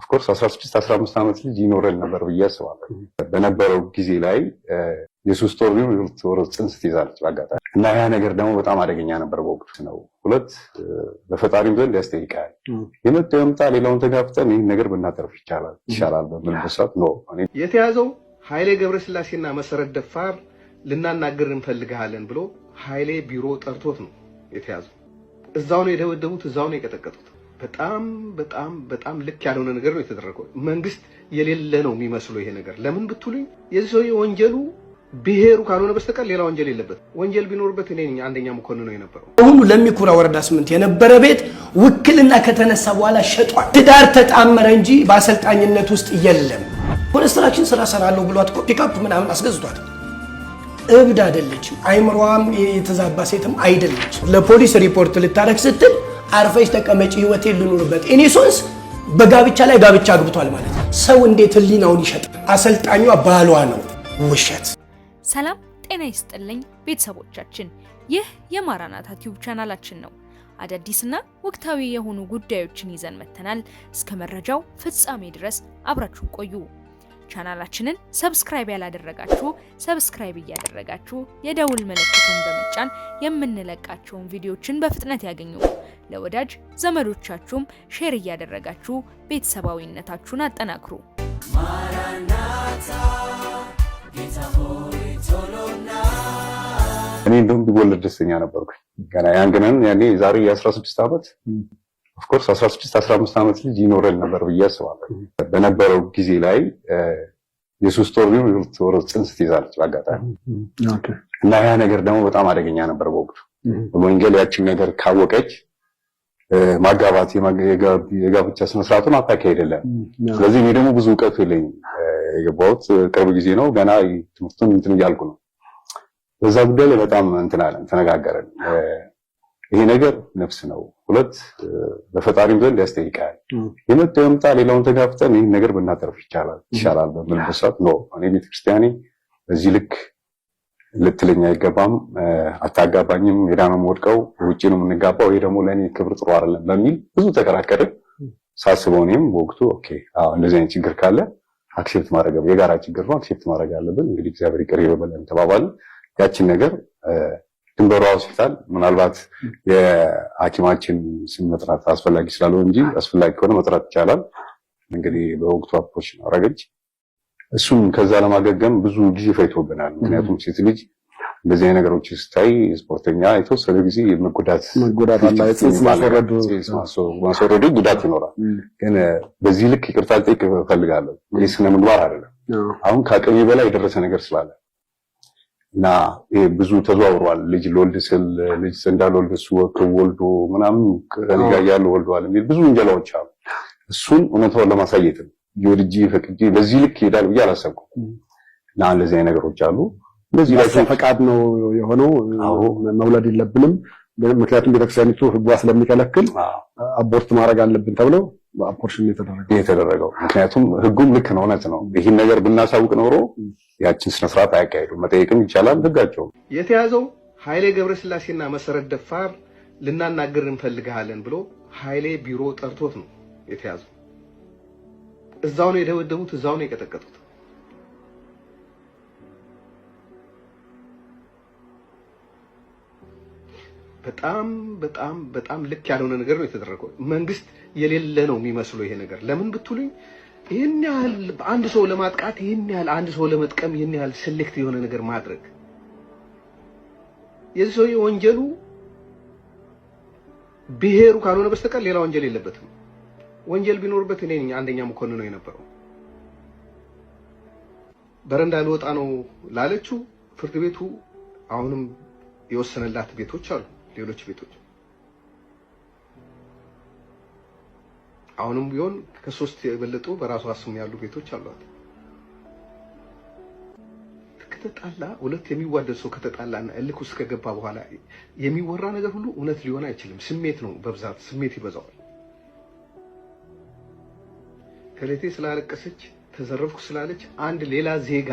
ኦፍኮርስ 16 15 ዓመት ልጅ ይኖረን ነበር ብዬ አስባለሁ። በነበረው ጊዜ ላይ የሶስት ወር ቢሆን የሁለት ወር ጽንስ ትይዛለች በአጋጣሚ እና ያ ነገር ደግሞ በጣም አደገኛ ነበር በወቅቱ ነው። ሁለት በፈጣሪም ዘንድ ያስጠይቃል። የመጣው የምጣ ሌላውን ተጋፍጠን ይህን ነገር ብናጠርፍ ይቻላል ይሻላል በምልበት ኖ የተያዘው። ኃይሌ ገብረስላሴና መሰረት ደፋር ልናናገር እንፈልግሃለን ብሎ ኃይሌ ቢሮ ጠርቶት ነው የተያዘው። እዛው ነው የደበደቡት፣ እዛው ነው የቀጠቀጡት። በጣም በጣም በጣም ልክ ያልሆነ ነገር ነው የተደረገው። መንግስት የሌለ ነው የሚመስለው ይሄ ነገር። ለምን ብትሉኝ የዚህ ሰውዬ ወንጀሉ ብሔሩ ካልሆነ በስተቀር ሌላ ወንጀል የለበት። ወንጀል ቢኖርበት እኔ አንደኛ መኮንን ነው የነበረው። አሁኑ ለሚኩራ ወረዳ ስምንት የነበረ ቤት ውክልና ከተነሳ በኋላ ሸጧል። ትዳር ተጣመረ እንጂ በአሰልጣኝነት ውስጥ የለም። ኮንስትራክሽን ስራ ሰራለሁ ብሏት ፒካፕ ምናምን አስገዝቷት እብድ አይደለችም። አይምሯም የተዛባ ሴትም አይደለችም። ለፖሊስ ሪፖርት ልታረግ ስትል አርፈሽ ተቀመጪ፣ ህይወት ልኑርበት። ኢኒሶንስ በጋብቻ ላይ ጋብቻ አግብቷል ማለት ነው። ሰው እንዴት ህሊናውን ይሸጣል? አሰልጣኟ ባሏ ነው ውሸት። ሰላም ጤና ይስጥልኝ ቤተሰቦቻችን፣ ይህ የማራናታ ቲዩብ ቻናላችን ነው። አዳዲስና ወቅታዊ የሆኑ ጉዳዮችን ይዘን መተናል። እስከ መረጃው ፍጻሜ ድረስ አብራችሁን ቆዩ። ቻናላችንን ሰብስክራይብ ያላደረጋችሁ ሰብስክራይብ እያደረጋችሁ የደውል ምልክቱን በመጫን የምንለቃቸውን ቪዲዮችን በፍጥነት ያገኙ። ለወዳጅ ዘመዶቻችሁም ሼር እያደረጋችሁ ቤተሰባዊነታችሁን አጠናክሩ። እኔ እንደውም ቢወለድ ደስተኛ ነበርኩ። ገና ያን ግን ያኔ ዛሬ የ16 ዓመት ኦፍኮርስ 16 15 ዓመት ልጅ ይኖረን ነበር ብዬ አስባለሁ። በነበረው ጊዜ ላይ የሶስት ወር ቢሆን የሁለት ወር ጽንስ ትይዛለች በአጋጣሚ እና ያ ነገር ደግሞ በጣም አደገኛ ነበር በወቅቱ ወንጌል ያችን ነገር ካወቀች ማጋባት የጋብቻ ስነስርዓቱን አታኪ አይደለም። ስለዚህ እኔ ደግሞ ብዙ እውቀቱ የለኝም። የገባሁት ቅርብ ጊዜ ነው። ገና ትምህርቱን እንትን እያልኩ ነው። በዛ ጉዳይ ላይ በጣም እንትን አለን፣ ተነጋገረን። ይሄ ነገር ነፍስ ነው። ሁለት በፈጣሪም ዘንድ ያስጠይቃል። የመጣ የምጣ ሌላውን ተጋፍጠን ይህን ነገር ብናተርፍ ይቻላል ይሻላል በምልበሳት ኖ እኔ ቤተክርስቲያኔ በዚህ ልክ ልትለኝ አይገባም፣ አታጋባኝም፣ ሜዳ ነው የምወድቀው፣ ውጭ ነው የምንጋባው፣ ይሄ ደግሞ ለእኔ ክብር ጥሩ አይደለም በሚል ብዙ ተከራከርን። ሳስበው እኔም በወቅቱ ኦኬ፣ አዎ እንደዚህ አይነት ችግር ካለ አክሴፕት ማድረግ የጋራ ችግር ነው አክሴፕት ማድረግ አለብን፣ እንግዲህ እግዚአብሔር ይቅር ይበለን ተባባልን። ያችን ነገር ድንበሯ ሆስፒታል ምናልባት የሐኪማችን ስም መጥራት አስፈላጊ ስላልሆነ እንጂ አስፈላጊ ከሆነ መጥራት ይቻላል። እንግዲህ በወቅቱ አፕሮች አረገች። እሱም ከዛ ለማገገም ብዙ ጊዜ ፈይቶብናል። ምክንያቱም ሴት ልጅ እንደዚህ ነገሮች ስታይ ስፖርተኛ የተወሰነ ጊዜ መጎዳት ማስወረዱ ጉዳት ይኖራል። ግን በዚህ ልክ ይቅርታ ጠይቅ እፈልጋለሁ። ይህ ስነ ምግባር አይደለም። አሁን ከአቅሜ በላይ የደረሰ ነገር ስላለ እና ብዙ ተዘዋውሯል። ልጅ ልወልድ ስል ልጅ ዘንዳ ልወልድ እሱ ወልዶ ምናምን ከእኔ ጋር እያሉ ወልደዋል የሚል ብዙ እንጀላዎች አሉ። እሱን እውነታውን ለማሳየት ነው ወድጄ ፈቅጄ ለዚህ ልክ ይሄዳል ብዬ አላሰብኩም እና እንደዚህ አይነት ነገሮች አሉ። እንደዚህ ላይ ፈቃድ ነው የሆነው። መውለድ የለብንም ምክንያቱም ቤተክርስቲያኒቱ ህጓ ስለሚከለክል አቦርት ማድረግ አለብን ተብለው አፖርሽን የተደረገው ምክንያቱም ህጉም ልክ ነው፣ እውነት ነው። ይህን ነገር ብናሳውቅ ኖሮ ያችን ስነስርዓት አያካሄዱ መጠየቅም ይቻላል። ህጋቸው የተያዘው ኃይሌ ገብረስላሴና መሰረት ደፋር ልናናግር እንፈልግሃለን ብሎ ኃይሌ ቢሮ ጠርቶት ነው የተያዘው። እዛው ነው የደበደቡት፣ እዛው ነው የቀጠቀጡት። በጣም በጣም በጣም ልክ ያልሆነ ነገር ነው የተደረገው። መንግስት የሌለ ነው የሚመስለው ይሄ ነገር። ለምን ብትሉኝ ይህን ያህል አንድ ሰው ለማጥቃት ይህን ያህል አንድ ሰው ለመጥቀም ይህን ያህል ስልክት የሆነ ነገር ማድረግ የዚህ ሰው ወንጀሉ ብሔሩ ካልሆነ በስተቀር ሌላ ወንጀል የለበትም። ወንጀል ቢኖርበት እኔ ነኝ አንደኛ መኮንን ነው የነበረው። በረንዳ ልወጣ ነው ላለችው ፍርድ ቤቱ አሁንም የወሰነላት ቤቶች አሉ። ሌሎች ቤቶች አሁንም ቢሆን ከሶስት የበለጡ በራሷ ስም ያሉ ቤቶች አሏት። ከተጣላ ሁለት የሚዋደድ ሰው ከተጣላና እልክ ውስጥ ከገባ በኋላ የሚወራ ነገር ሁሉ እውነት ሊሆን አይችልም። ስሜት ነው በብዛት ስሜት ይበዛዋል። ከሌቴ ስላለቀሰች ተዘረፍኩ ስላለች አንድ ሌላ ዜጋ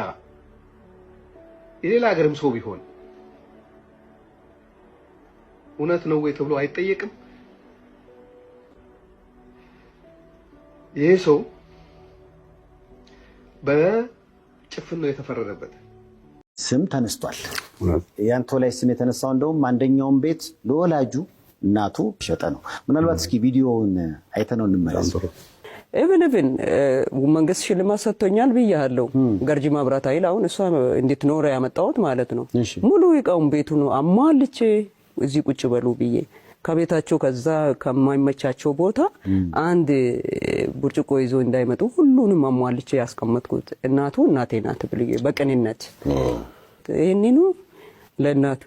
የሌላ ሀገርም ሰው ቢሆን እውነት ነው ወይ ተብሎ አይጠየቅም። ይሄ ሰው በጭፍን ነው የተፈረደበት። ስም ተነስቷል። ያንቶ ላይ ስም የተነሳው እንደውም አንደኛውን ቤት ለወላጁ እናቱ ሸጠ ነው። ምናልባት እስኪ ቪዲዮውን አይተነው እንመለስ። ኢቭን ኢቭን uh, መንግስት ሽልማት ሰጥቶኛል ብያለሁ። ገርጂ መብራት ኃይል አሁን እሷ እንዴት ኖረ ያመጣሁት ማለት ነው። ሙሉ እቃውን ቤቱን አሟልቼ እዚህ ቁጭ በሉ ብዬ ከቤታቸው ከዛ ከማይመቻቸው ቦታ አንድ ብርጭቆ ይዞ እንዳይመጡ ሁሉንም አሟልቼ ያስቀመጥኩት እናቱ እናቴ ናት ብዬ በቅንነት ይህንኑ ለእናቱ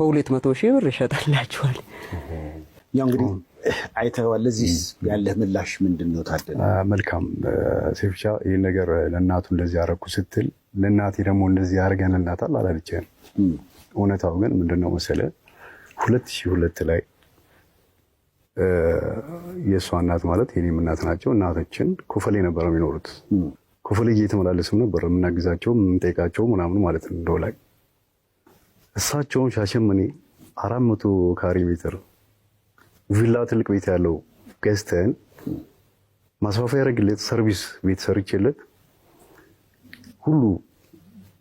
በሁለት መቶ ሺህ ብር ይሸጣላችኋል። አይተዋል። ለዚህ ያለህ ምላሽ ምንድን ነው? ታደለ መልካም ሴፍቻ፣ ይህን ነገር ለእናቱ እንደዚህ ያረኩ ስትል ለእናቴ ደግሞ እንደዚህ ያደርገንላታል አላለችም። እውነታው ግን ምንድነው መሰለ ሁለት ሺህ ሁለት ላይ የእሷ እናት ማለት የኔም እናት ናቸው። እናቶችን ኮፈሌ ነበረ የሚኖሩት። ኮፈሌ እየተመላለስም ነበር የምናግዛቸው የምንጠይቃቸው ምናምን ማለት ነው። እንደው ላይ እሳቸውም ሻሸመኔ አራት መቶ ካሬ ሜትር ቪላ ትልቅ ቤት ያለው ገዝተን ማስፋፋ ያደረግለት ሰርቪስ ቤት ሰርቼለት ሁሉ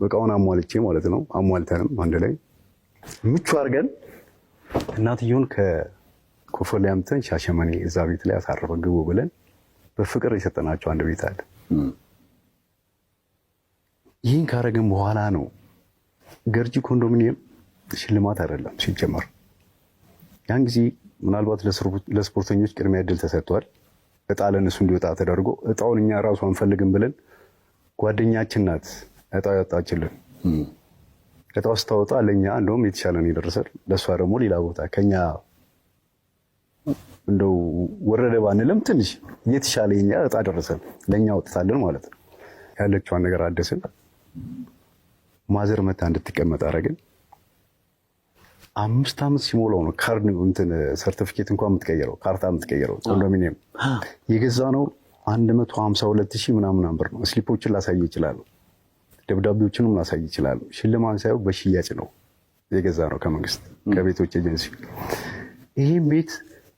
በቃውን አሟልቼ ማለት ነው። አሟልተንም አንድ ላይ ምቹ አድርገን እናትየውን ከኮፈሌ አምጥተን ሻሸመኔ እዛ ቤት ላይ አሳረፈ ግቡ ብለን በፍቅር የሰጠናቸው አንድ ቤት አለ። ይህን ካረግን በኋላ ነው ገርጂ ኮንዶሚኒየም ሽልማት አይደለም ሲጀመር ያን ጊዜ ምናልባት ለስፖርተኞች ቅድሚያ እድል ተሰጥቷል። እጣ ለእነሱ እንዲወጣ ተደርጎ እጣውን እኛ ራሱ አንፈልግም ብለን ጓደኛችን ናት እጣ ያወጣችልን። እጣው ስታወጣ ለእኛ እንደውም የተሻለ ነው የደረሰል፣ ለእሷ ደግሞ ሌላ ቦታ ከኛ እንደው ወረደ ባንልም ትንሽ የተሻለ የኛ እጣ ደረሰል፣ ለእኛ ወጥታለን ማለት ነው። ያለችዋን ነገር አደስን ማዘር መታ እንድትቀመጥ አረግን። አምስት ዓመት ሲሞላው ነው ካርድ እንትን ሰርቲፊኬት እንኳን የምትቀየረው ካርታ የምትቀየረው ኮንዶሚኒየም የገዛ ነው። አንድ መቶ ሀምሳ ሁለት ሺህ ምናምን ብር ነው። ስሊፖችን ላሳይ ይችላሉ፣ ደብዳቤዎችንም ላሳይ ይችላሉ። ሽልማን ሳይሆን በሽያጭ ነው የገዛ ነው ከመንግስት ከቤቶች ኤጀንሲ። ይህም ቤት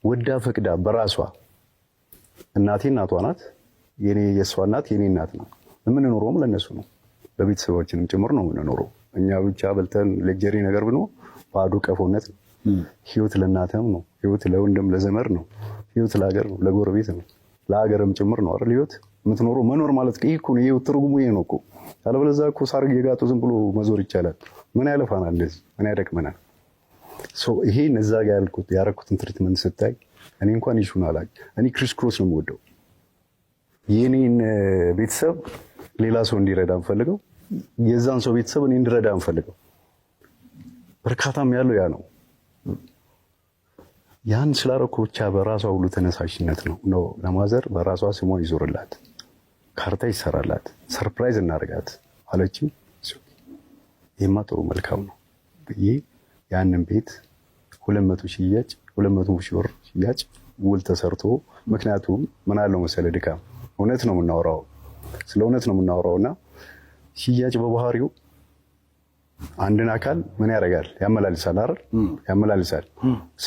ወዳ ፈቅዳ በራሷ እናቴ እናቷ ናት፣ የኔ የእሷ እናት የኔ እናት ነው። የምንኖረውም ለእነሱ ነው፣ በቤተሰባችንም ጭምር ነው የምንኖረው። እኛ ብቻ በልተን ሌጀሪ ነገር ብኖ ባዶ ቀፎነት ነው። ህይወት ለእናትህም ነው። ህይወት ለወንድም ለዘመድ ነው። ህይወት ለሀገር ነው፣ ለጎረቤት ነው፣ ለሀገርም ጭምር ነው አይደል? ህይወት የምትኖረው መኖር ማለት ይህ እኮ ነው። ይህ ትርጉሙ ይሄ ነው እኮ። ያለበለዚያ እኮ ሳር የጋጡ ዝም ብሎ መዞር ይቻላል። ምን ያለፋናል? እንደዚህ ምን ያደቅመናል? ይሄ እነዛ ጋ ያልኩት ያረኩትን ትሪትመንት ስታይ እኔ እንኳን ይሹን አላ እኔ ክሪስ ክሮስ ነው የምወደው። የእኔን ቤተሰብ ሌላ ሰው እንዲረዳ ንፈልገው፣ የዛን ሰው ቤተሰብ እኔ እንድረዳ ንፈልገው እርካታም ያለው ያ ነው። ያን ስላረኩ ብቻ በራሷ ሁሉ ተነሳሽነት ነው ነው ለማዘር በራሷ ስሟ ይዞርላት፣ ካርታ ይሰራላት፣ ሰርፕራይዝ እናደርጋት አለች። ይህማ ጥሩ መልካም ነው ብዬ ያንን ቤት ሁለት መቶ ሽያጭ ሁለት መቶ ሺህ ሽያጭ ውል ተሰርቶ ምክንያቱም ምን አለው መሰለ ድካም እውነት ነው የምናወራው ስለ እውነት ነው የምናወራው እና ሽያጭ በባህሪው አንድን አካል ምን ያደርጋል? ያመላልሳል አይደል? ያመላልሳል።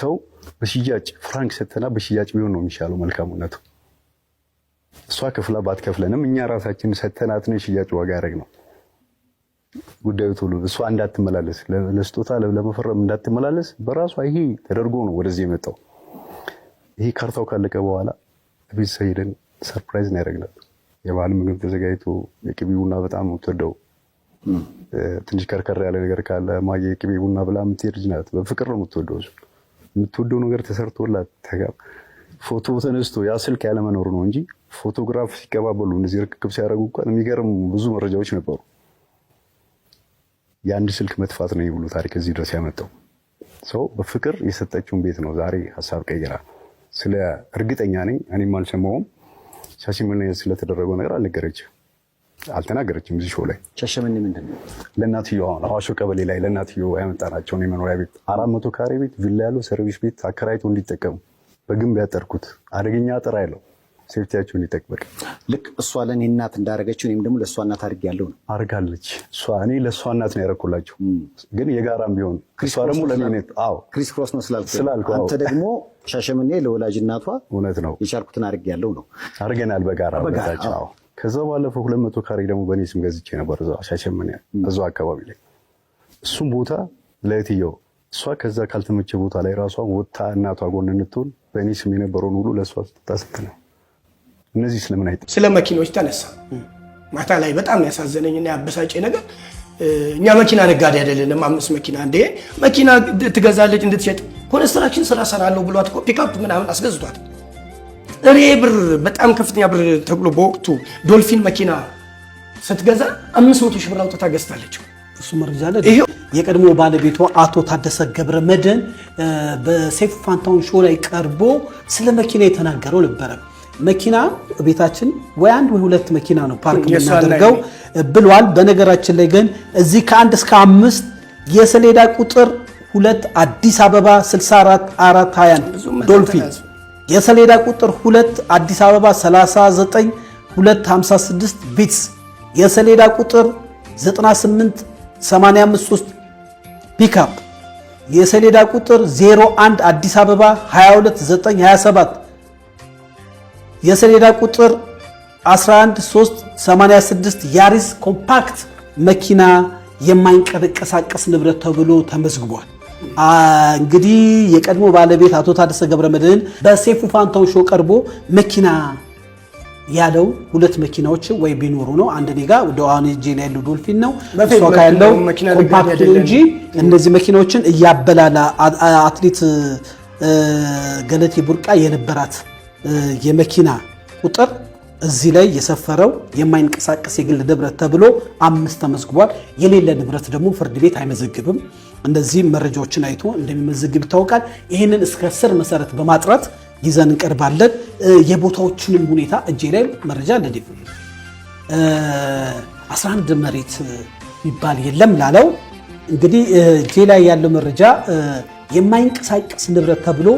ሰው በሽያጭ ፍራንክ ሰተና በሽያጭ ቢሆን ነው የሚሻለው መልካሙነቱ። እሷ ክፍላ ባትከፍለንም እኛ ራሳችን ሰተናት ነው የሽያጭ ዋጋ ያደረግ ነው ጉዳዩ ቶሎ እሷ እንዳትመላለስ ለስጦታ ለመፈረም እንዳትመላለስ በራሷ ይሄ ተደርጎ ነው ወደዚህ የመጣው። ይሄ ካርታው ካለቀ በኋላ ቤት ሰሄደን ሰርፕራይዝ ነው ያደረግናል። የባህል ምግብ ተዘጋጅቶ የቅቤ ቡና በጣም ነው የምትወደው ትንሽ ከርከር ያለ ነገር ካለ ማየ ቅቤ ቡና ብላ የምትሄድ ልጅ ናት። በፍቅር ነው የምትወደው። የምትወደው ነገር ተሰርቶላት ፎቶ ተነስቶ ያ ስልክ ያለመኖር ነው እንጂ ፎቶግራፍ ሲቀባበሉ እነዚህ ርክክብ ሲያደርጉ እንኳን የሚገርም ብዙ መረጃዎች ነበሩ። የአንድ ስልክ መጥፋት ነው ብሎ ታሪክ እዚህ ድረስ ያመጣው ሰው በፍቅር የሰጠችውን ቤት ነው። ዛሬ ሀሳብ ቀይራ ስለ እርግጠኛ ነኝ እኔም አልሰማውም ሻሸመኔ ስለተደረገው ነገር አልነገረችም። አልተናገረችም። እዚህ ሾው ላይ ሻሸመኔ ምንድን ነው ለእናትየዋ አዋሾ ቀበሌ ላይ ለእናትየዋ ያመጣናቸውን የመኖሪያ ቤት አራት መቶ ካሬ ቤት ቪላ ያለው ሰርቪስ ቤት አከራይቶ እንዲጠቀሙ በግንብ ያጠርኩት አደገኛ አጥር አለው። ሴፍቲያቸውን ይጠቅበቅ። ልክ እሷ ለእኔ እናት እንዳደረገችው እኔም ደግሞ ለእሷ እናት አድርግ ያለው ነው አድርጋለች። እኔ ለእሷ እናት ነው ያደረኩላቸው፣ ግን የጋራም ቢሆን እሷ ደግሞ ክሪስ ክሮስ ነው ስላልኩ አንተ ደግሞ ሻሸመኔ ለወላጅ እናቷ እውነት ነው የቻልኩትን አድርግ ያለው ነው አድርገናል በጋራ ከዛ ባለፈው ሁለት መቶ ካሬ ደግሞ በእኔ ስም ገዝቼ ነበር ሻሸመን እዛ አካባቢ ላይ እሱም ቦታ ለእህትየው እሷ ከዛ ካልተመቸ ቦታ ላይ ራሷ ወጥታ እናቷ ጎን እንትሆን በእኔ ስም የነበረውን ሁሉ ለእሷ ስጥታ ስት ነው። እነዚህ ስለምን አይጠ ስለ መኪኖች ተነሳ ማታ ላይ በጣም ያሳዘነኝ እና ያበሳጨ ነገር እኛ መኪና ነጋዴ አይደለንም። አምስት መኪና እንደ መኪና ትገዛለች እንድትሸጥ ኮንስትራክሽን ስራ ሰራለሁ ብሏት ፒክአፕ ምናምን አስገዝቷት ጥሬ ብር በጣም ከፍተኛ ብር ተብሎ በወቅቱ ዶልፊን መኪና ስትገዛ አምስት መቶ ሺህ ብር አውጥታ ገዝታለች። እሱ መረጃ አለ። የቀድሞ ባለቤቷ አቶ ታደሰ ገብረ መድህን በሴፍ ፋንታውን ሾ ላይ ቀርቦ ስለ መኪና የተናገረው ነበረ። መኪና ቤታችን ወይ አንድ ወይ ሁለት መኪና ነው ፓርክ የምናደርገው ብሏል። በነገራችን ላይ ግን እዚህ ከአንድ እስከ አምስት የሰሌዳ ቁጥር ሁለት አዲስ አበባ 64 አራት 20 ዶልፊን የሰሌዳ ቁጥር 2 አዲስ አበባ 39 256 ቢትስ የሰሌዳ ቁጥር 98 853 ፒካፕ የሰሌዳ ቁጥር 01 አዲስ አበባ 22927 የሰሌዳ ቁጥር 11386 ያሪስ ኮምፓክት መኪና የማይንቀሳቀስ ንብረት ተብሎ ተመዝግቧል። እንግዲህ የቀድሞ ባለቤት አቶ ታደሰ ገብረመድህን በሴፉ ፋንታውን ሾው ቀርቦ መኪና ያለው ሁለት መኪናዎች ወይ ቢኖሩ ነው። አንድ እኔ ጋ ደዋን እጄ ላይ ያለው ዶልፊን ነው ሶካ ያለው ኮምፓክት እንጂ እነዚህ መኪናዎችን እያበላላ አትሌት ገለቴ ቡርቃ የነበራት የመኪና ቁጥር እዚህ ላይ የሰፈረው የማይንቀሳቀስ የግል ንብረት ተብሎ አምስት ተመዝግቧል። የሌለ ንብረት ደግሞ ፍርድ ቤት አይመዘግብም። እንደዚህም መረጃዎችን አይቶ እንደሚመዘግብ ይታወቃል። ይህንን እስከ ስር መሰረት በማጥራት ይዘን እንቀርባለን። የቦታዎችንም ሁኔታ እጄ ላይ መረጃ ለ 11 መሬት የሚባል የለም ላለው እንግዲህ እጄ ላይ ያለው መረጃ የማይንቀሳቀስ ንብረት ተብሎ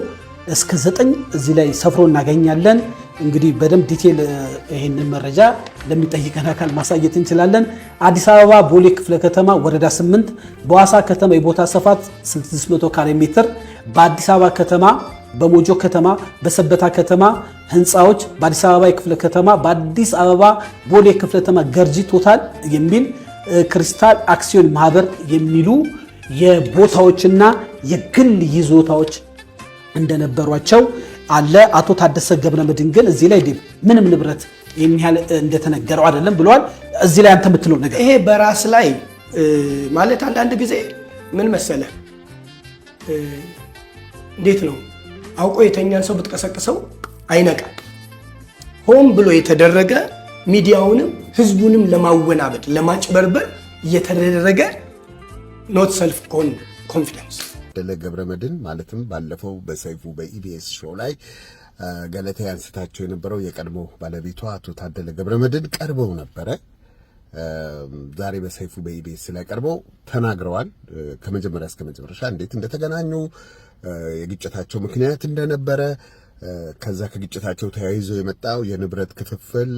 እስከ ዘጠኝ እዚህ ላይ ሰፍሮ እናገኛለን። እንግዲህ በደንብ ዲቴል ይህንን መረጃ ለሚጠይቀን አካል ማሳየት እንችላለን። አዲስ አበባ ቦሌ ክፍለ ከተማ ወረዳ 8 በዋሳ ከተማ የቦታ ስፋት 600 ካሬ ሜትር፣ በአዲስ አበባ ከተማ በሞጆ ከተማ በሰበታ ከተማ ህንፃዎች በአዲስ አበባ የክፍለ ከተማ በአዲስ አበባ ቦሌ ክፍለ ከተማ ገርጂ ቶታል የሚል ክሪስታል አክሲዮን ማህበር የሚሉ የቦታዎችና የግል ይዞታዎች እንደነበሯቸው አለ አቶ ታደሰ መድን ግን እዚህ ላይ ምንም ንብረት ይህን ያህል እንደተነገረው አይደለም ብለዋል። እዚህ ላይ አንተ የምትለው ነገር ይሄ በራስ ላይ ማለት አንዳንድ ጊዜ ምን መሰለ፣ እንዴት ነው አውቆ የተኛን ሰው ብትቀሰቅሰው አይነቃም። ሆን ብሎ የተደረገ ሚዲያውንም ህዝቡንም ለማወናበድ ለማጭበርበር እየተደረገ ኖት ሰልፍ ኮንፊደንስ ታደለ መድን ማለትም ባለፈው በሰይፉ በኢቢኤስ ሾው ላይ ገለቴ አንስታቸው የነበረው የቀድሞ ባለቤቷ አቶ ታደለ ገብረመድን ቀርበው ነበረ። ዛሬ በሰይፉ በኢቢኤስ ላይ ቀርበው ተናግረዋል። ከመጀመሪያ እስከ መጨረሻ እንዴት እንደተገናኙ የግጭታቸው ምክንያት እንደነበረ ከዛ ከግጭታቸው ተያይዞ የመጣው የንብረት ክፍፍል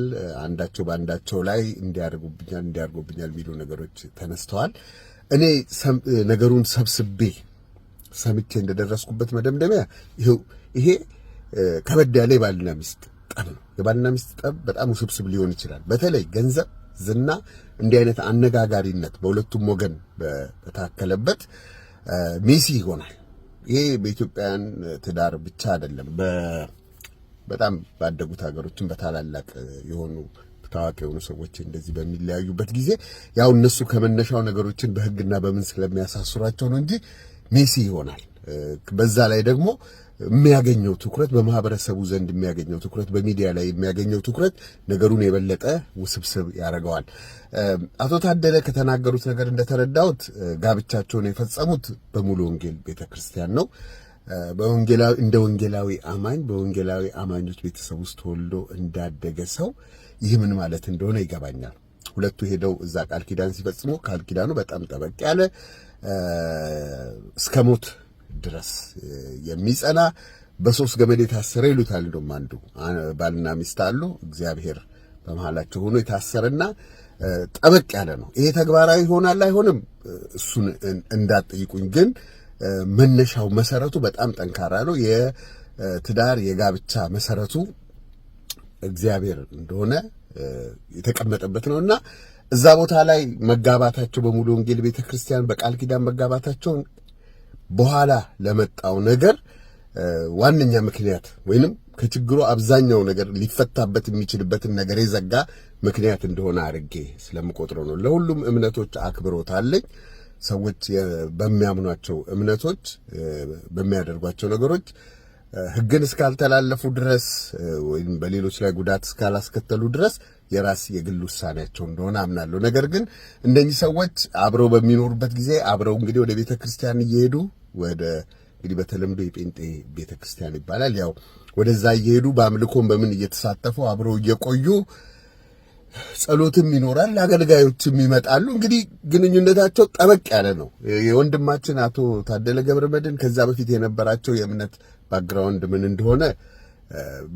አንዳቸው በአንዳቸው ላይ እንዲያደርጉብኛል እንዲያደርጉብኛል የሚሉ ነገሮች ተነስተዋል። እኔ ነገሩን ሰብስቤ ሰምቼ እንደደረስኩበት መደምደሚያ ይኸው ይሄ ከበድ ያለ የባልና ሚስት ጠብ ነው። የባልና ሚስት ጠብ በጣም ውስብስብ ሊሆን ይችላል። በተለይ ገንዘብ፣ ዝና እንዲህ አይነት አነጋጋሪነት በሁለቱም ወገን በታከለበት ሚሲ ይሆናል። ይሄ በኢትዮጵያን ትዳር ብቻ አይደለም፣ በጣም ባደጉት ሀገሮችን በታላላቅ የሆኑ ታዋቂ የሆኑ ሰዎች እንደዚህ በሚለያዩበት ጊዜ ያው እነሱ ከመነሻው ነገሮችን በሕግና በምን ስለሚያሳስሯቸው ነው እንጂ ሜሲ ይሆናል። በዛ ላይ ደግሞ የሚያገኘው ትኩረት በማህበረሰቡ ዘንድ የሚያገኘው ትኩረት በሚዲያ ላይ የሚያገኘው ትኩረት ነገሩን የበለጠ ውስብስብ ያደርገዋል። አቶ ታደለ ከተናገሩት ነገር እንደተረዳሁት ጋብቻቸውን የፈጸሙት በሙሉ ወንጌል ቤተ ክርስቲያን ነው። በወንጌላዊ እንደ ወንጌላዊ አማኝ በወንጌላዊ አማኞች ቤተሰብ ውስጥ ተወልዶ እንዳደገ ሰው ይህ ምን ማለት እንደሆነ ይገባኛል። ሁለቱ ሄደው እዛ ቃል ኪዳን ሲፈጽሙ ቃል ኪዳኑ በጣም ጠበቅ ያለ እስከ ሞት ድረስ የሚጸና በሶስት ገመድ የታሰረ ይሉታል። እንደውም አንዱ ባልና ሚስት አሉ። እግዚአብሔር በመሃላቸው ሆኖ የታሰረና ጠበቅ ያለ ነው። ይሄ ተግባራዊ ይሆናል አይሆንም፣ እሱን እንዳትጠይቁኝ። ግን መነሻው መሰረቱ በጣም ጠንካራ ነው። የትዳር የጋብቻ መሰረቱ እግዚአብሔር እንደሆነ የተቀመጠበት ነውና እዛ ቦታ ላይ መጋባታቸው በሙሉ ወንጌል ቤተ ክርስቲያን በቃል ኪዳን መጋባታቸውን በኋላ ለመጣው ነገር ዋነኛ ምክንያት ወይንም ከችግሩ አብዛኛው ነገር ሊፈታበት የሚችልበትን ነገር የዘጋ ምክንያት እንደሆነ አድርጌ ስለምቆጥሮ ነው። ለሁሉም እምነቶች አክብሮት አለኝ። ሰዎች በሚያምኗቸው እምነቶች በሚያደርጓቸው ነገሮች ህግን እስካልተላለፉ ድረስ ወይም በሌሎች ላይ ጉዳት እስካላስከተሉ ድረስ የራስ የግል ውሳኔያቸው እንደሆነ አምናለሁ። ነገር ግን እንደኚህ ሰዎች አብረው በሚኖሩበት ጊዜ አብረው እንግዲህ ወደ ቤተ ክርስቲያን እየሄዱ ወደ እንግዲህ በተለምዶ የጴንጤ ቤተ ክርስቲያን ይባላል። ያው ወደዛ እየሄዱ በአምልኮን በምን እየተሳተፉ አብረው እየቆዩ ጸሎትም ይኖራል፣ አገልጋዮችም ይመጣሉ። እንግዲህ ግንኙነታቸው ጠበቅ ያለ ነው። የወንድማችን አቶ ታደለ ገብረ መድን ከዛ በፊት የነበራቸው የእምነት ባክግራውንድ ምን እንደሆነ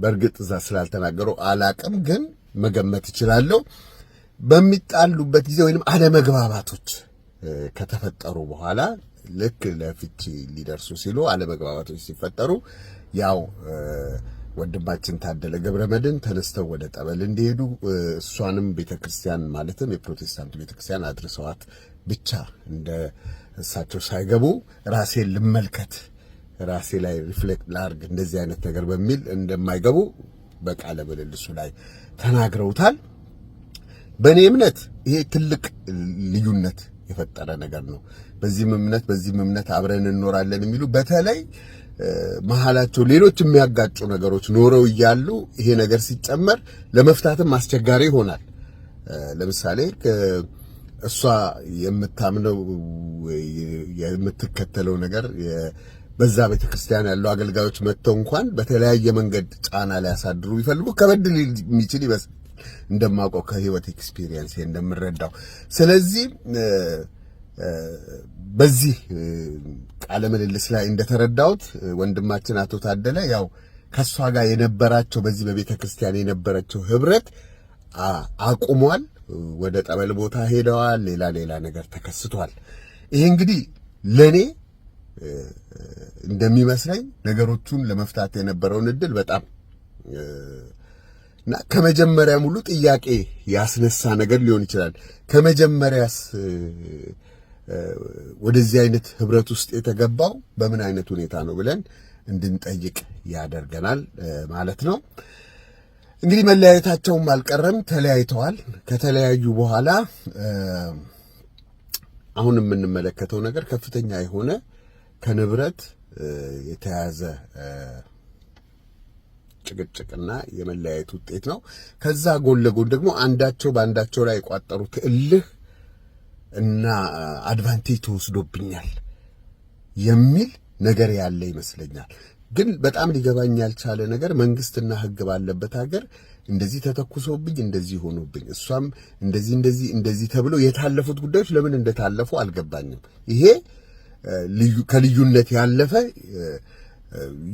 በእርግጥ እዛ ስላልተናገረው አላቅም፣ ግን መገመት እችላለሁ። በሚጣሉበት ጊዜ ወይም አለመግባባቶች ከተፈጠሩ በኋላ ልክ ለፍቺ ሊደርሱ ሲሉ አለመግባባቶች ሲፈጠሩ ያው ወንድማችን ታደለ መድን ተነስተው ወደ ጠበል እንዲሄዱ እሷንም ቤተክርስቲያን ማለትም የፕሮቴስታንቱ ቤተክርስቲያን አድርሰዋት ብቻ እንደ እሳቸው ሳይገቡ ራሴን ልመልከት ራሴ ላይ ሪፍሌክት ላርግ እንደዚህ አይነት ነገር በሚል እንደማይገቡ በቃለ ምልልሱ ላይ ተናግረውታል። በእኔ እምነት ይሄ ትልቅ ልዩነት የፈጠረ ነገር ነው። በዚህም እምነት በዚህም እምነት አብረን እንኖራለን የሚሉ በተለይ መሀላቸው ሌሎች የሚያጋጩ ነገሮች ኖረው እያሉ ይሄ ነገር ሲጨመር ለመፍታትም አስቸጋሪ ይሆናል። ለምሳሌ እሷ የምታምነው የምትከተለው ነገር በዛ ቤተ ክርስቲያን ያሉ አገልጋዮች መጥተው እንኳን በተለያየ መንገድ ጫና ሊያሳድሩ ቢፈልጉ ከበድ ሊል የሚችል ይመስል እንደማውቀው ከህይወት ኤክስፒሪየንስ እንደምረዳው። ስለዚህ በዚህ ቃለ ምልልስ ላይ እንደተረዳሁት ወንድማችን አቶ ታደለ ያው ከእሷ ጋር የነበራቸው በዚህ በቤተ ክርስቲያን የነበረችው ህብረት አቁሟል። ወደ ጠበል ቦታ ሄደዋል። ሌላ ሌላ ነገር ተከስቷል። ይሄ እንግዲህ ለእኔ እንደሚመስለኝ ነገሮቹን ለመፍታት የነበረውን እድል በጣም እና ከመጀመሪያም ሁሉ ጥያቄ ያስነሳ ነገር ሊሆን ይችላል። ከመጀመሪያስ ወደዚህ አይነት ህብረት ውስጥ የተገባው በምን አይነት ሁኔታ ነው ብለን እንድንጠይቅ ያደርገናል ማለት ነው። እንግዲህ መለያየታቸውም አልቀረም፣ ተለያይተዋል። ከተለያዩ በኋላ አሁን የምንመለከተው ነገር ከፍተኛ የሆነ ከንብረት የተያዘ ጭቅጭቅና የመለያየት ውጤት ነው። ከዛ ጎን ለጎን ደግሞ አንዳቸው በአንዳቸው ላይ የቋጠሩት እልህ እና አድቫንቴጅ ተወስዶብኛል የሚል ነገር ያለ ይመስለኛል። ግን በጣም ሊገባኝ ያልቻለ ነገር መንግስትና ሕግ ባለበት ሀገር እንደዚህ ተተኩሶብኝ እንደዚህ ሆኖብኝ እሷም እንደዚህ እንደዚህ እንደዚህ ተብሎ የታለፉት ጉዳዮች ለምን እንደታለፉ አልገባኝም ይሄ ከልዩነት ያለፈ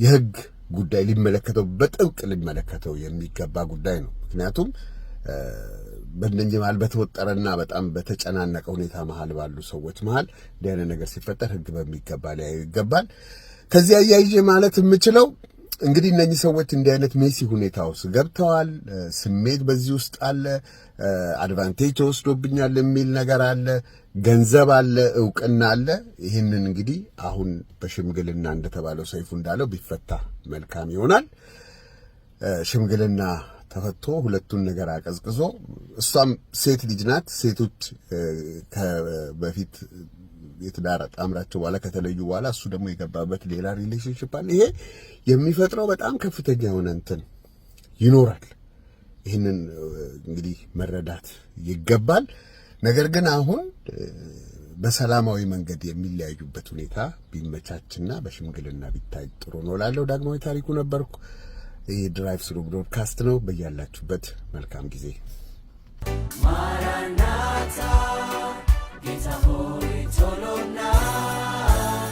የህግ ጉዳይ ሊመለከተው በጥብቅ ሊመለከተው የሚገባ ጉዳይ ነው። ምክንያቱም በእነኝህ መሀል በተወጠረና በጣም በተጨናነቀ ሁኔታ መሀል ባሉ ሰዎች መሀል እንዲህ አይነት ነገር ሲፈጠር ህግ በሚገባ ሊያዩ ይገባል። ከዚህ አያይዤ ማለት የምችለው እንግዲህ እነኚህ ሰዎች እንዲህ አይነት ሜሲ ሁኔታ ውስጥ ገብተዋል። ስሜት በዚህ ውስጥ አለ። አድቫንቴጅ ተወስዶብኛል የሚል ነገር አለ። ገንዘብ አለ፣ እውቅና አለ። ይህንን እንግዲህ አሁን በሽምግልና እንደተባለው ሰይፉ እንዳለው ቢፈታ መልካም ይሆናል። ሽምግልና ተፈቶ ሁለቱን ነገር አቀዝቅዞ እሷም ሴት ልጅ ናት። ሴቶች በፊት የትዳር ጣምራቸው በኋላ ከተለዩ በኋላ እሱ ደግሞ የገባበት ሌላ ሪሌሽንሽፕ አለ። ይሄ የሚፈጥረው በጣም ከፍተኛ የሆነ እንትን ይኖራል። ይህንን እንግዲህ መረዳት ይገባል። ነገር ግን አሁን በሰላማዊ መንገድ የሚለያዩበት ሁኔታ ቢመቻችና በሽምግልና ቢታይ ጥሩ ነው ላለው ዳግማዊ ታሪኩ ነበርኩ። ይህ ድራይቭ ስሩ ብሮድካስት ነው። በያላችሁበት መልካም ጊዜ። ማራናታ ጌታ ሆይ ቶሎ